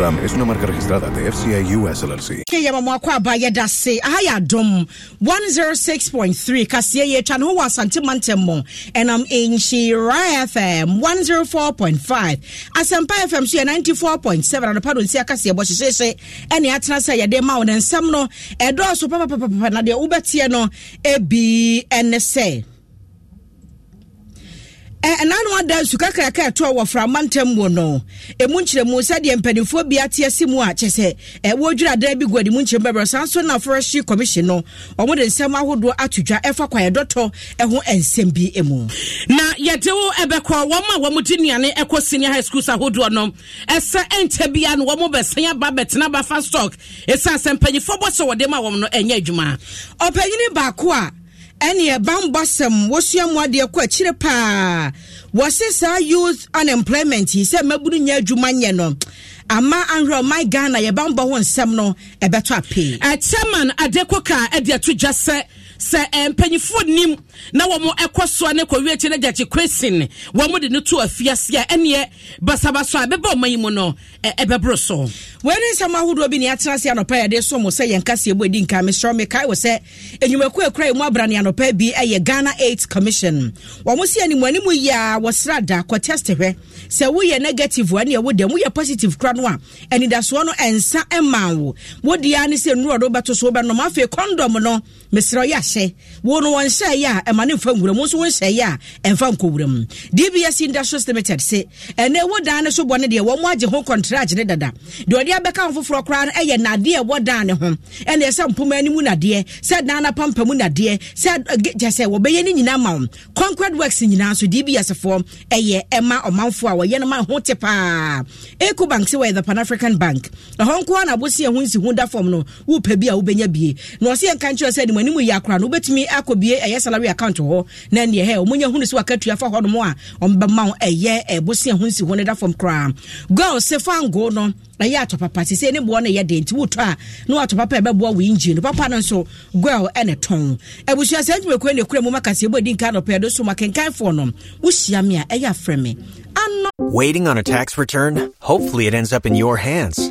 Ram es una marca registrada de FCI US LLC. Que ya mamu akwa ba ya da se aha ya dom 106.3 kasiye ye twa no wa asante mantem mo enam enchi Ra FM 104.5 asempa FM so 94.7 94.7 na pado nsia kasiye bo hyehye ene atena se ya de ma wo nsam no edo so papa papa na de ubetie no e bi ene ɛnano ada suka kraka ɛto a wɔfra amantam mu no ɛmu nkyerɛmu sɛdeɛ mpanimfoɔ bi ate ase mu a kyɛ sɛ ɛwɔ dwira adan bi gu mu nkyerɛmu bɛbrɛ saa nso na forestry commission no ɔmode nsɛm ahodoɔ ato dwa ɛfa kwaeɛdɔtɔ ɛho nsɛm bi mu na yɛde wo ɛbɛkɔ wɔn a wɔmde nnuane ɛkɔ senior high schools ahodoɔ no ɛsɛ ɛnkyɛ bia no wɔm bɛsɛn aba bɛtena bafa stock ɛsiane sɛ mpanyimfoɔ bɔ sɛ wɔde ma wɔm ɛne ɛbanbɔ sɛm wɔsua mu adeɛ kɔ akyire paa wɔse saa youth unemployment yi sɛ mmabunu nyɛ adwuma nyɛ no ama ahwerɛ ɔman ghana yɛbanbɔ ho nsɛm no ɛbɛtɔ apee ɛkyɛman adekoka ɛde ato dwa sɛ sɛ eh, mpanyinfoɔ nim na wɔn kɔ soa ne kɔwie akyi ne gyakye kwesin wɔn de no to afiase a ɛneɛ basabasa a bɛbɛ ɔman yi mu no eh, ɛbɛboro so. wɔn ne nsɛm ahodoɔ bi ne atena se anɔpa yɛde so mo sɛ yɛn kaseɛ bɔ edi nka mesrɛ me kae wɔ sɛ enyimako ekura emu abra anɔpa bi ɛyɛ ghana aids commission wɔn si anim anim yi a wɔsra da kɔ test hwɛ sɛ woyɛ negative ɛne ɛwo dɛm woyɛ positive kura no a anidasoɔ no ɛnsa ɛmaa wo wodeɛ ne sɛ nnuro a do bɛto so wobɛnom afei kɔndɔm no mesrɛ ɔyɛ ahyɛ wo no wɔnhyɛ yɛ a ɛma ne mfa nwura mu nso wonhyɛ yɛ a ɛmfa nkɔwura mu dbs industries limited se ɛnɛ ɛwɔ dan ne so bɔ ne deɛ wɔn agye ho kɔntraagye ne dada deɛ ɔde abɛka ho foforɔ koraa no ɛyɛ nadeɛ ɛwɔ dan ne ho ɛna ɛsɛ mpoma anim nadeɛ sɛ dan napampa mu nadeɛ sɛ eh, gyɛ sɛ wɔbɛyɛ ne nyinaa ma wo concrete works nyinaa so dbs foɔ ɛyɛ ɛma ɔmanfoɔ a wɔyɛ no ma ho te paa eco bank sɛ wɔyɛ the pan african bank ɛhɔ nko a na abosi ɛho nsi ho da fam no wopɛ bi a wobɛnya bie na ɔsɛ yɛnka nkyerɛ sɛ anim yɛ akora no wobɛtumi ɛyɛ salary account hɔ na hɛ sɛ fa a ɔmbɛma ɛyɛ ɛbosea ho nsi ho da fam koraa no ɛyɛ atɔpapa sɛ ne boɔ no yɛ de nti wotɔ a na ɛbɛboa wo no papa no nso tɔn abusua sɛ ne kura mu makaseɛ bɔ adi nka do so makenkanfoɔ no wohyia me a ɛyɛ afrɛ me ano waiting on a tax return hopefully it ends up in your hands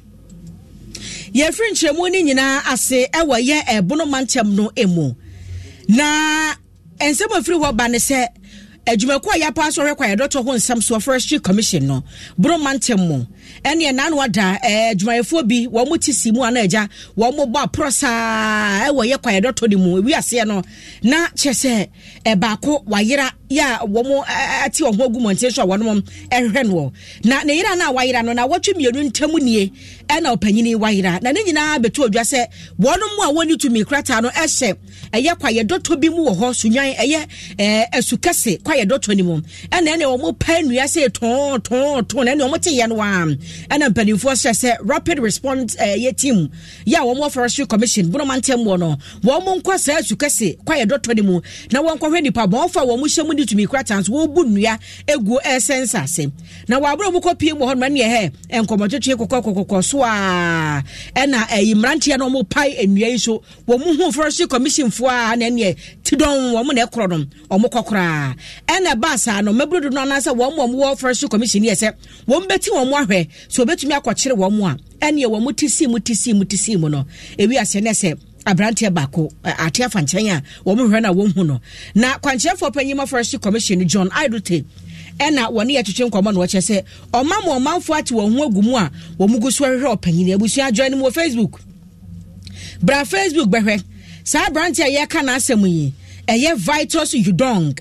yɛfiri nkyerɛmu no nyinaa ase ɛwɔ yɛ ɛbono mantam no mu na nsɛm afiri hɔ ba ne sɛ adwumakuo a yɛapa asɔre kwa yɛdɔtɔ ho nsɛm soɔ forestry commission no bono mantam mu e nanoada adwumayɛfoɔ bi wɔ te si mu agya bɔ aporɔ saa yɛ kwaeɛdɔtɔ ne mu na kyerɛ sɛ ɛbaako wayera yɛ a wɔn ate wɔn ho agu mmɔnten so a ɛhwɛ no na ne yera no a wayera no na wɔtwe mmienu ntam nie ɛna ɔpanyin wayera na ne nyinaa bɛtu odwa sɛ a tumi krataa no ɛhyɛ ɛyɛ bi mu wɔ hɔ ɛyɛ kɛse na program ɛna mpanimfoɔ hyɛ sɛ rapid response ɛyɛ eh, team yɛ a wɔn forestry commission bunoma ntɛm wɔ no wɔn nkɔ saa asu kɛse kwaeɛ dɔtɔ ne mu na wɔn nkɔhwɛ nipa bɔn fa wɔn hyɛ mu ne tumi kura tan so wɔbu nnua egu ɛsɛ nsaase na wɔaboro mu kɔ pie mu hɔ nom ɛneɛ hɛ nkɔmɔtwetwe kɔkɔ kɔkɔ so a ɛna ɛyi eh, mmeranteɛ no wɔn pae nnua yi so wɔn ho forestry commission foɔ a na ɛneɛ ti dɔn wɔn na ɛkorɔ no wɔn kɔ koraa ɛna baasa no mɛburo do no anaasɛ wɔn wɔn wɔ forestry commission yɛ sɛ wɔn bɛti wɔn ahwɛ sɛ sɛ obɛtumi akɔkyere wɔ mu a ɛneɛ wɔ mu te mu te mu te mu no ewiase ne sɛ abranteɛ baako ate afa nkyɛn a wɔn hwɛ na wɔn hu no na kwankyerɛfoɔ panyin forestry commission john idote ɛna yɛ yɛtwetwe nkɔmmɔ na wɔkyɛ sɛ ɔma ma ɔmanfoɔ ate wɔn ho agu mu a wɔn gu so ahwehwɛ ɔpanyin abusua adwa no mu wɔ facebook bra facebook bɛhwɛ saa aberanteɛ a na n'asɛm yi ɛyɛ vitus udong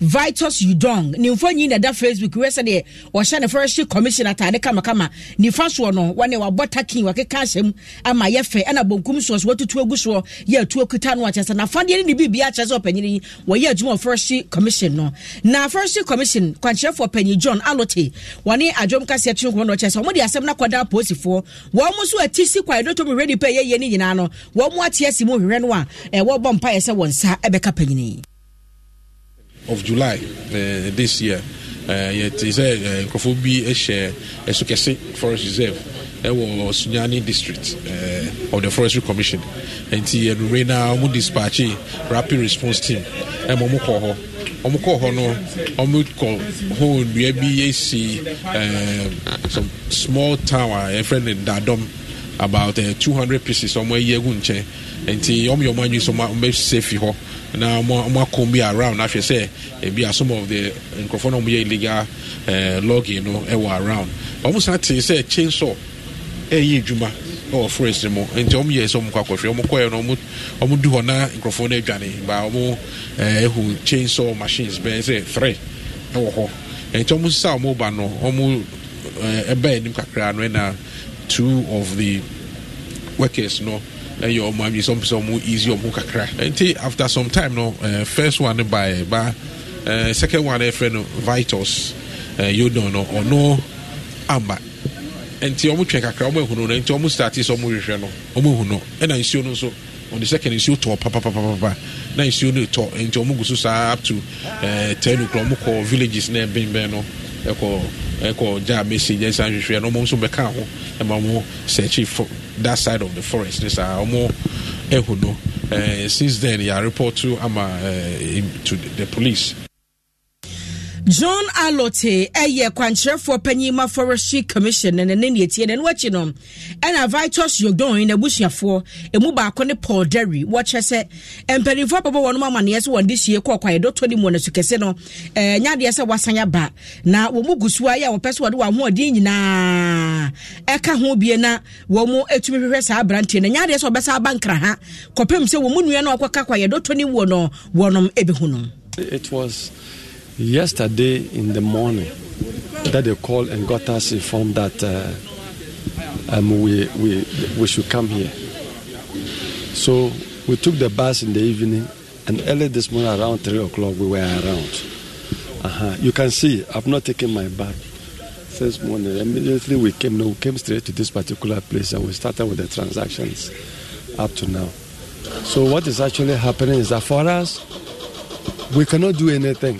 vitus udong nimfo nyi na da facebook wɛ sɛ deɛ wɔhyɛ ne forestry commission atade kamakama nifa soɔ no wɔne wabɔ takin wakeka ahyɛm ama yɛ fɛ ɛna bonkum soɔ so watutu agu soɔ yɛ atuo kita no akyɛ sɛ nafadeɛ ne ne biribia akyerɛ sɛ ɔpanyini yi wɔyɛ adwuma wɔ commission no na forestry commission kwankyerɛfoɔ panyi john alote wɔne adwom kaseɛ twe nkɔmɔ no ɔkyɛ sɛ wɔde asɛm no akɔda apolisifoɔ wɔn mo nso ati si kwae dotomi redi pɛ yɛyɛ ne nyinaa no wɔn mo ate asi mu hwehwɛ no a ɛwɔ bɔ mpa yɛ sɛ wɔn nsa ɛbɛka e panyini yi of july uh, this year yɛte sɛ nkurɔfoɔ bi hyɛ ɛso kɛse forest reserve ɛwɔ eh, sunyani district eh, of the forestry commission nti ɛnumere na wɔn dispatche rapid response team ɛma wɔn kɔ hɔ wɔn kɔ hɔ no wɔn kɔ hɔ nnua bi esi some small town a yɛfrɛ no dadɔm about uh, 200 pieces wɔn ayi agu nkyɛn nti wɔn yɛ wɔn anwi so wɔn bɛ se fi hɔ. na ɔmo e, bi around ahwɛ sɛ ebi a some of the nkurɔfoɔ na ɔmo illegal e, uh, no e around san te sɛ chainsaw adwuma forest nti yɛ sɛ kɔ akɔhwɛ kɔɛ no du na nkurɔfoɔ no adwane ba ɔmo ehu chainsaw machines bɛyɛ sɛ three ɛwɔ hɔ nti ba no anim kakra no ɛna two of the workers ɛyɛ ɔmo ami sɛ ɔmo sɛ ɔmo easy ɔmo kakra nti after some time no uh, first one by ba uh, second one ɛfrɛ eh, no vitals uh, yodon no ɔno amba nti ɔmo twɛn kakra ɔmo ehunu no nti ɔmo start sɛ ɔmo hwehwɛ no ɔmo ehunu ɛna nsuo no nso the second nsuo tɔ papapapapa na nsuo no tɔ nti ɔmo gu so saa up to uh, ten o'clock ɔmo kɔ villages na ɛbɛnbɛn no ɛkɔ. Eh, ɛkɔ gya message ɛsan hwehwɛ no ɔmo nso bɛka ho ɛma ɔmo search for that side of the forest ne saa ɔmo ɛhu no since then yɛ report to ama eh, to the police john alote ɛyɛ kwankyerɛfoɔ panyinma forestry commission ne ne netie ne no akyi no ɛna vitus yogdon na abusuafoɔ ɛmu baako ne paul derry wɔkyerɛ sɛ mpanimfoɔ abɛbɔ wɔn amaneɛ sɛ wɔn de sie kɔɔ kwaeɛ dɔtɔ ne mu wɔ nasu kɛse no ɛɛ nya adeɛ sɛ wasan aba na wɔn mu gu so ayɛ a wɔpɛ sɛ wɔde wɔn ahoɔden nyinaa ɛka ho bie na wɔn mu atumi hwehwɛ saa aberanteɛ na nya adeɛ sɛ wɔbɛsa aba nkraha kɔpem sɛ wɔn mu nua no akɔka kwaeɛ dɔtɔ ne mu wɔ no wɔnom ebi ho no. it was. Yesterday in the morning, that they called and got us informed that uh, um, we, we, we should come here. So we took the bus in the evening, and early this morning around 3 o'clock, we were around. Uh-huh. You can see I've not taken my bath since morning. Immediately we came, no, we came straight to this particular place and we started with the transactions up to now. So what is actually happening is that for us, we cannot do anything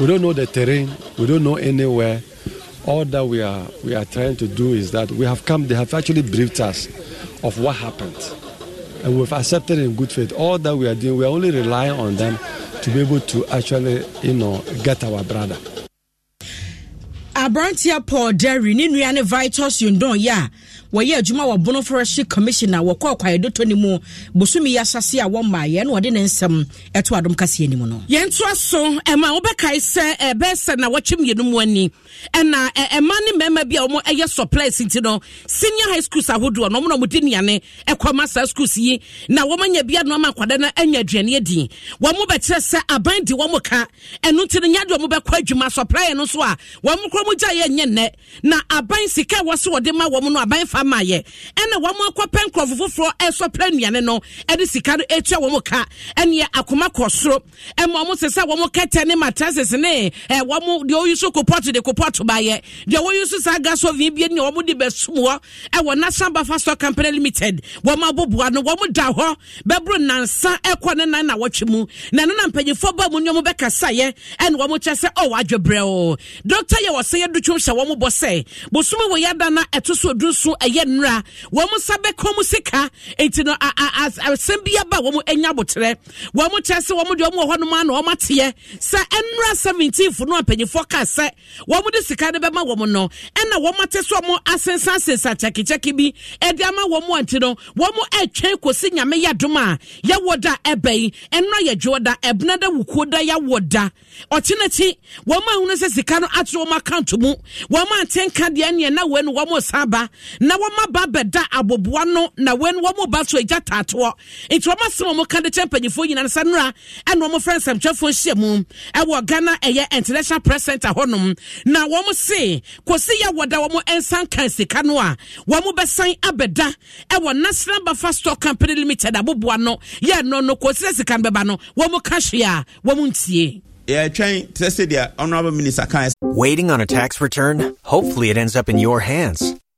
We don't know the terrain. We don't know anywhere. All that we are we are trying to do is that we have come. They have actually briefed us of what happened, and we've accepted in good faith. All that we are doing, we are only relying on them to be able to actually, you know, get our brother. aberanteɛ paul derry ne nua ne vitus yondon yɛ a wɔyɛ adwuma wɔ bono forestry commission a wɔkɔ kwaeɛdotɔ no mu bosomi yɛ ahyase a wɔmmaeɛ na wɔde ne nsɛm ɛto adom kaseɛ no mu no yɛntoa so ɛma wobɛkae sɛ ɛbɛɛsɛ na wɔtwe mmienu mu ani ɛna ɛma ne mmarima bi a wɔn ɛyɛ supplies nti no senior high schools ahodoɔ no wɔn na wɔde nnuane ɛkɔ ma saa schools yi na wɔn anya bi aduane ama akwadaa no anya aduane adi wɔn bɛkyerɛ sɛ aban di wɔn ka ɛno ti no nya de wɔn bɛkɔ adwuma supplier no so a wɔn kɔn mu gya yɛ nyɛ nnɛ na aban sika ɛwɔ so wɔde ma wɔn no aban fa ama yɛ ɛna wɔn akɔpɛ nkurɔfo foforɔ ɛsɔpɛ nnuane no ɛde sika no etua wɔn ka ɛneɛ akoma kɔ soro ɛma wɔn sesa sɛ wɔn kɛtɛ ne matrasis ne ɛ wɔn deɛ oyi so kopɔto de kopɔto ba yɛ deɛ oyi so saa gas oven bie ne wɔn de bɛsum wɔ ɛwɔ national buffer store company limited wɔn aboboa no wɔn da hɔ bɛburo nansa ɛkɔ ne nan na wɔtwe mu na no na mpanyinfoɔ ba mu ne wɔn bɛkasa yɛ ɛna wɔn kyɛ sɛ ɔwɔ adwabrɛ o dɔkta yɛ wɔ sɛ yɛ na ɛto ɛyɛ nnora wɔn nsa bɛkɔ mu sika nti no asɛm bi aba wɔn anya abotrɛ wɔn kyɛ sɛ wɔn deɛ wɔn wɔ hɔnom ano wɔn ateɛ sɛ nnora seventeenth no a mpanyinfoɔ kaa sɛ wɔn de sika no bɛma wɔn no ɛna wɔn ate so wɔn asensansensa kyɛkikyɛki bi ɛde ama wɔn a nti no wɔn ɛtwɛn kɔsi nyame yadom a yɛwɔ da ɛbɛ yi nnora yɛ dwoɔ da ɛbena da wukuo da yɛwɔ da ɔkyenakyi wɔn a wɔn sɛ sika no ato wɔn akanto mu wɔn a ntɛnka deɛ neɛ na wɔn no wɔn san ba na wɔma ba bɛda aboboa no na wɔn wɔn ba so agya taatoɔ nti wɔn asɛm a wɔka de kyɛn mpanyinfoɔ nyinaa nsa nnura ɛna wɔn fɛn nsɛmtwɛfoɔ nhyia mu ɛwɔ ghana ɛyɛ international press center hɔnom na wɔn se kɔsi yɛ wɔda wɔn nsan kan sika no a wɔn bɛsan abɛda ɛwɔ national bafa store company limited aboboa no yɛ no no kɔsi sika no bɛba no wɔn ka hwea wɔn ntie. waiting on a tax return hopefully it ends up in your hands.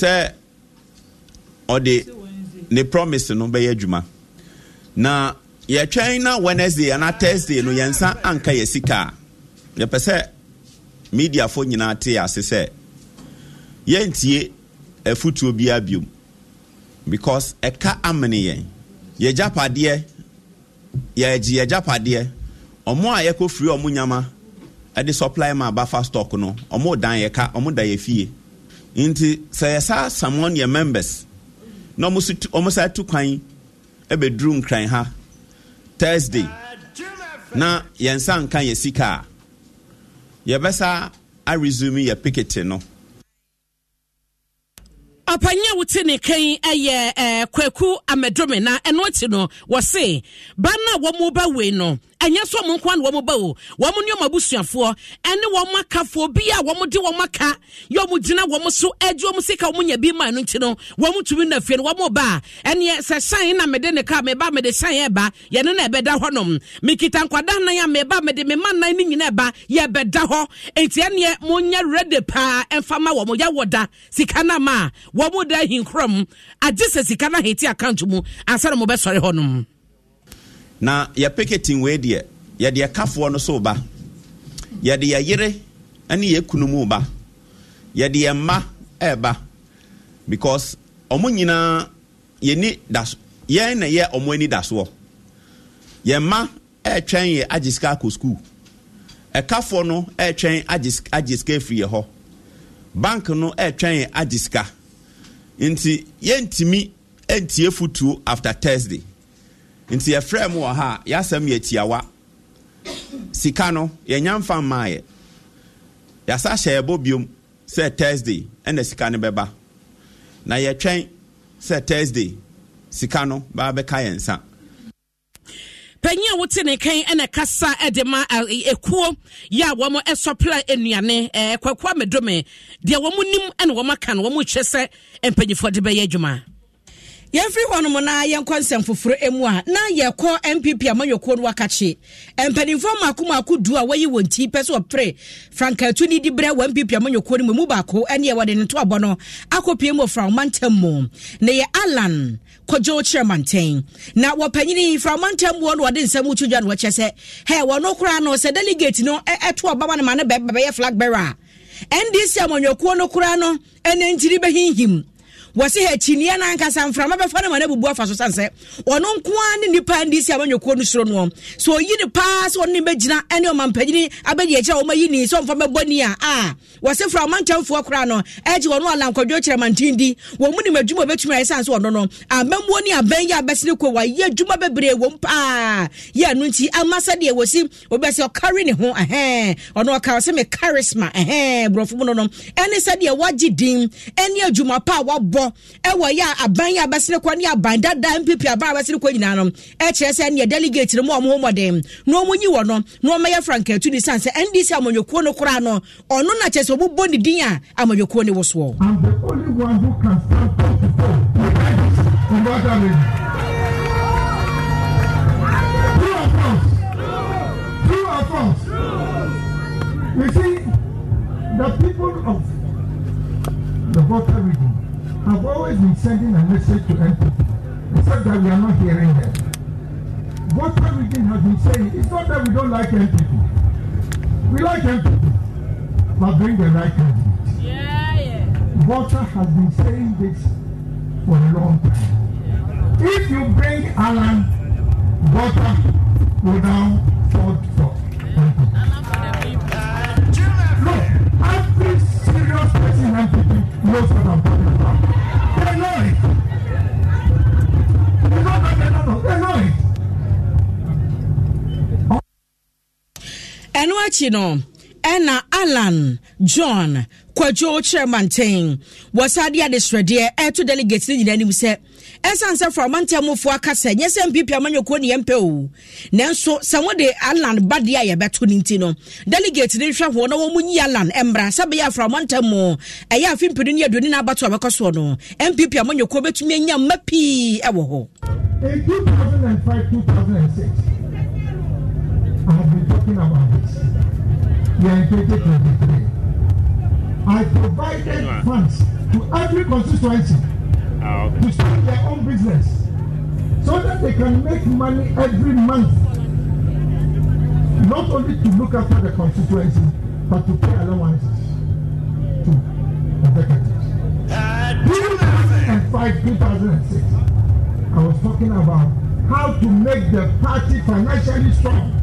sɛ ɔde ne promise no bɛyɛ adwuma na yɛtwɛn na wednesday ana thursday no yɛnsa anka yɛ sika a yɛpɛ sɛ mediafoɔ nyinaa te ase sɛ yɛntie afotuo biara biom because ɛka amene yɛn yɛgyapadeɛ yɛgye yɛgyapadeɛ ɔmo a yɛkɔ firi ɔmo nyama ɛde supply ma bafa stock no ɔmo dan yɛka ɔmo da yɛ fie nti sɛ yɛsa samon yɛ members na ɔmo sa tu kwan ɛbɛduru nkran ha thursday na yɛnsa nka yɛ sika a yɛbɛsa aresumi yɛ pikete no ɔpanyin a wote ne kan ɛyɛ ɛɛ kwaku amedrome na ɛno akyi no wɔse ban a wɔn mu ba no ɛnyɛ sɛ ɔmo nko na wɔn ba o wɔn ne wɔn abusuafoɔ ɛne wɔn akafoɔ bi a wɔn de wɔn aka yɛ wɔn gyina wɔn so ɛgye wɔn sika wɔn nya bi maa no nti no wɔn tumi na fie no wɔn ba a ɛneɛ sɛ hyɛn na mɛde ne kaa mɛba mɛde hyɛn ɛba yɛne na ɛbɛda hɔ nom mekita nkwadaa nan a mɛba mɛde mɛma nan ne nyina ɛba yɛbɛda hɔ nti ɛneɛ mo nya ready paa ɛnfama wɔn yɛ wɔ da sika na ma wɔn da ahinkorɔ mu agye sɛ sika na ahete account mu ansa na mo bɛsɔre hɔ nom. na yɛ piketin wei deɛ yɛde ɛkafoɔ no so ba yɛde yɛ yere ne yɛ kunu mu ba yɛde yɛ mma ɛɛba because ɔmo nyinaa yɛni da yɛn na yɛ ɔmo ani da soɔ yɛn mma ɛɛtwɛn yɛ agye sika akɔ sukuu ɛkafoɔ no ɛɛtwɛn agye sika efiri yɛ hɔ bank no ɛɛtwɛn yɛ agye sika nti yɛntumi ɛntie futuo after thursday. nti yɛfrɛ mu wɔ ha yɛasɛm yɛ tiawa sika no yɛnya mfa mmaayɛ yɛasa hyɛ yɛbɔ biom sɛ thursday ɛna sika no bɛba na yɛtwɛn sɛ thursday sika no baa bɛka yɛn nsa panyin a wote ne kan ɛna kasa ɛde ma ekuo yɛ a wɔn ɛsɔpla nnuane ɛɛ kwakoa medome deɛ wɔn nim ɛna wɔn aka no wɔn rehyɛ sɛ mpanyinfoɔ de bɛyɛ adwuma. yɛmfiri hɔ nom na yɛnkɔ nsɛm foforɔ mu a na yɛkɔ mpp amanyɔkuo no wakakye mpanimfoɔ maako maako du a wɔyi wɔn ti pɛ sɛ ɔpere frankaatu ne di berɛ wɔ mpp amanyɔkuo no mu mu baako ɛne wɔde ne toabɔ no akɔpie mu frawomantam mu na yɛ alan kɔgye wo kyerɛ manten na wɔpanyini frawomantam wɔ no wɔde nsɛm wotwo dwa no wɔkyɛ sɛ hɛ wɔno koraa no sɛ delegate no ɛto ɔbaba no ma no bɛyɛ flag bearer a ndc amanyɔkuo no koraa no ɛnɛ ntiri bɛhinhim wɔsi ha kyiniiɛ nankasa mframa bɛfa ne ma ne bubu afa so san sɛ ɔno nkoa ne nipa ndi si abanyokuo no soro noɔ so oyi ne paa sɛ ɔno ne bɛgyina ɛne ɔmampanyini abɛdi akyirɛ a ɔmayi ni sɛ ɔmfa bɛbɔ ni a a wɔsi fura ɔmantamfoɔ koraa no ɛgye wɔn alankɔdwo kyerɛ mantindi wɔn mu nim adwuma obɛtumi ayɛ san so ɔno no amammuo ne abɛn yɛ abɛsene ko wɔayɛ adwuma bebree wɔm paa yɛ ano nti ama sɛdeɛ wɔsi obɛsi ɔkari ne ho ɛhɛn ɔno me charisma ɛhɛn borɔfo mu no no ɛne sɛdeɛ wagye din pa a ɛwɔ yɛ aban yɛ abɛsene kɔ ne aban dada npp aban abɛsene kɔ nyinaa no ɛkyerɛ e sɛ neɛ delegate no mu ɔmo homɔden na ɔmo nyi wɔ no na ɔmo yɛ frankatu ne san sɛ ndc amanyɔkuo no koraa no ɔno na kyerɛ sɛ ɔmo bɔ ne din a amanyɔkuo ne wo I'm the only one who can stand up to God. Two of us. You see, the people of has been sending a message to NPP. Except that we are not hearing them. What everything has been saying, it's not that we don't like NPP. We like NPP, but bring the right candidate. Yeah, yeah. Walter has been saying this for a long time. If you bring Alan, Walter will now vote for NPP. ɛno akyi no ɛna alan john kwadwo kyerɛ manten wɔsade adesrɛdeɛ ɛto delegate no nyinaa anim sɛ ɛsiane sɛ framantam mufoɔ aka sɛ nyɛ sɛ mpp amanyakuo ne yɛmpɛ o nanso sɛ wode alan badeɛ a yɛbɛto no nti no delegate no nhwɛ hoɔ na wɔmu nyi alan mmra sɛ bɛyɛ a framantam mu ɛyɛ afempini ne aduoni no abato a bɛkɔ soɔ no mpp amanyakuo bɛtumi anya mma pii ɛwɔ hɔ I have been talking about this. We are in 2023. I provided funds to every constituency oh, okay. to start their own business so that they can make money every month. Not only to look after the constituency, but to pay allowances to executives. Uh, 2005, 2006, I was talking about how to make the party financially strong.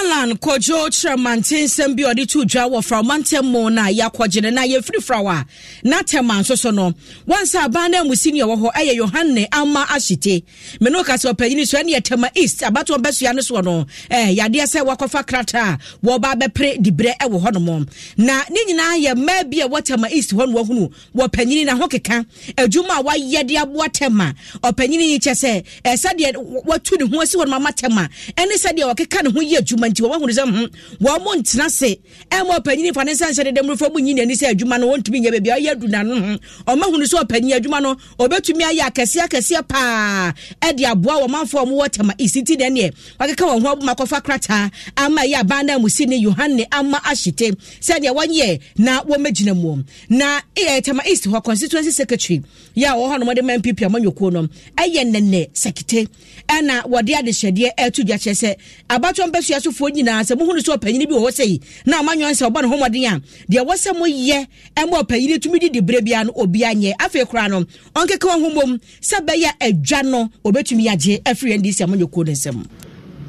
alan kojo kyerɛ mante nsɛm bi ɔde to dwa wɔ framantam mu no a na yɛfiri fraw a natɛma nso so no wansa e e aban no amusi ne ɛwɔ hɔ ɛyɛ yohane ama ahyete meno ne woka sɛ ɔpanyini so ɛne yɛtɛma east abatoɔ bɛsoa no soɔ no eh, yadeɛ sɛ wakɔfa krata a wɔba bɛpere diberɛ ɛwɔ hɔ nom na ne nyinaa yɛ mmaa bi a wɔtɛma east hɔ no wahunu wɔpanyini no ho keka adwuma e a wayɛ de aboa tɛma ɔpanyini yi kyɛ sɛ eh, watu ne ho asi hɔ no mamatɛma ɛne sɛdeɛ wɔkeka ne ho yɛ adwuma nti wɔbɛhunu sɛ hmm wɔn mo ntena se ɛma ɔpanyin fa ne nsa nhyɛ dedem rufa mu nyi n'ani sɛ adwuma no wɔntumi nyɛ baabi ɔyɛ du n'ano ho hmm. ɔmahunu sɛ ɔpanyin adwuma no ɔbɛtumi ayɛ akɛseɛ akɛseɛ paa ɛde aboa wɔn manfo a wɔwɔ tɛma isiti dɛ neɛ wakeka wɔn ho aboma kɔfa krataa ama ɛyɛ aban na musi ne yohane ama ahyete sɛdeɛ wɔnyɛ na wɔmɛgyina mu na ɛyɛ e, eh, tɛma east hɔ constituency secretary yɛ a wɔwɔ hɔ nom de ma npp amanyɔkuo nom ɛyɛ nnɛnɛ sɛkete ɛna wɔde adehyɛdeɛ ɛɛto eh, dwa kyerɛ sɛ abatoɔ mpɛsua amanfoɔ nyinaa sɛ mohunu sɛ ɔpanyini bi wɔ hɔ sɛi na amanwan sɛ ɔba ne homɔden a deɛ ɛwɔ sɛ moyɛ ɛma ɔpanyini tumi de de berɛ biara no obia nyɛ afei koraa no ɔnkeka wa ho mmom sɛ bɛyɛ adwa no ɔbɛtumi agye afiri ndc amanyɛ ne nsɛm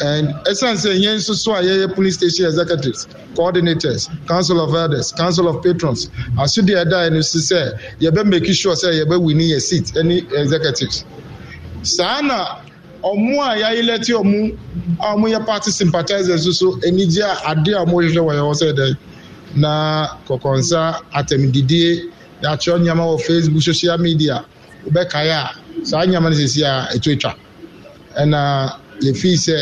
and ɛsiane sɛ yɛn so a yɛyɛ police station executives coordinators council of elders council of patrons asodeɛ ɛdaeɛ no si sɛ yɛbɛ make sure sɛ yɛbɛwini yɛ seat ɛne executives sana ɔmo a yɛayɛ ti ɔmo a ɔmo party sympathizers nso anigye a adeɛ a ɔmo hwehwɛ wɔ yɛwɔ sɛ dɛ na kɔkɔnsa atɛmdidie yɛatwerɛ nneɛma wɔ facebook social media wobɛkaeɛ a saa nneɛma no sɛsi a ɛtwa twa ɛna yɛfii sɛ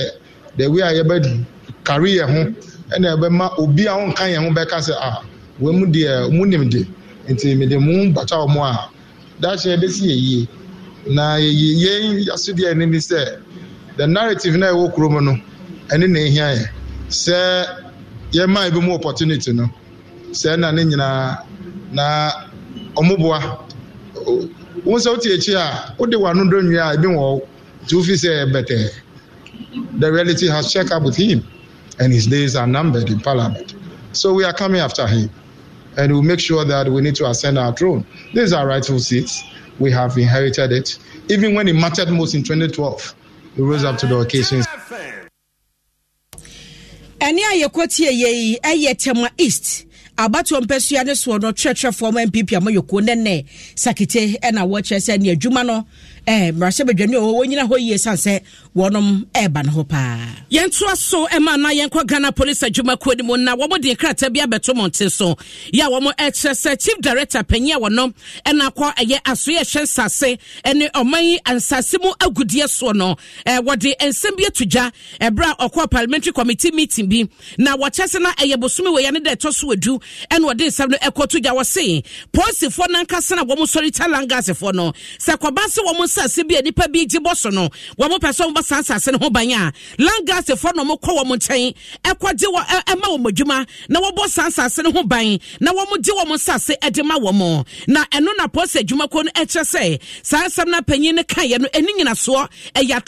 the way a yɛbɛkare yɛn na ɛna yɛbɛma obi a wonka yɛn ho bɛka sɛ a wɔn mu deɛ wɔn mu nim de nti mede mu bata wɔn a dakyɛ yɛde si yɛ yie na yɛn asodeɛ ɛne ne sɛ the narrative na ɛwɔ kurom no ɛne na ehia yɛ sɛ yɛmaa ebi mu opportunity no sɛ na ne nyinaa na ɔmoboa wọn sɛ wote akyi a wode w'ano do nwia ebi wɔ nti wofi sɛ bɛtɛɛ the reality has checked up with him and his days are numbered in parliament so we are coming after him and we make sure that we need to ascend our throne these are rightful seats we have inherited it. Even when it mattered most in 2012, we rose up to the occasions. ɛne a yɛkɔtie yɛ yi ɛyɛ e tema east abatoɔ mpɛsua ne soɔ e no twerɛtwerɛfoɔ ma mpp a ma yɛkuo nɛnɛ sakete ɛna wɔkyerɛ sɛ ne adwuma no eh, mmarahyɛbadwani a wɔwɔ nyina hɔ yie san sɛ wɔnom ɛreba eh, no ho paa yɛntoa so ɛma eh, na yɛnkɔ ghana police adwumakuo no mu na wɔmo de krataa bi abɛto mmɔnten so yɛ a wɔmo ɛkyerɛ eh, sɛ chief director panyin a wɔno ɛna akɔ ɛyɛ asoyɛ hyɛ nsase ne ɔman nsase mu agudeɛ soɔ no eh, wɔde nsɛm bi ato gya ɛberɛ a ɔkɔ parliamentary committee meeting bi na wɔkyɛ sɛ na ɛyɛ bosome wɔ yɛ ne dɛ ɛtɔ so adu ɛna wɔde na wɔmo sɔre talangasefoɔ no sɛ kɔba nsase bi a nipa bi gye bɔ so no wɔn pɛ sɛ wɔn san nsase no ho ban a langasefoɔ na wɔn kɔ wɔn nkyɛn ɛkɔgye wɔ ɛma wɔn adwuma na wɔbɔ san nsase no ho ban na wɔn gye wɔn nsase ɛde ma wɔn na ɛno na pɔsɛ adwumakuo no ɛkyerɛ sɛ saa asɛm na panyin no kaeɛ no ɛne nyinasoɔ ɛyɛ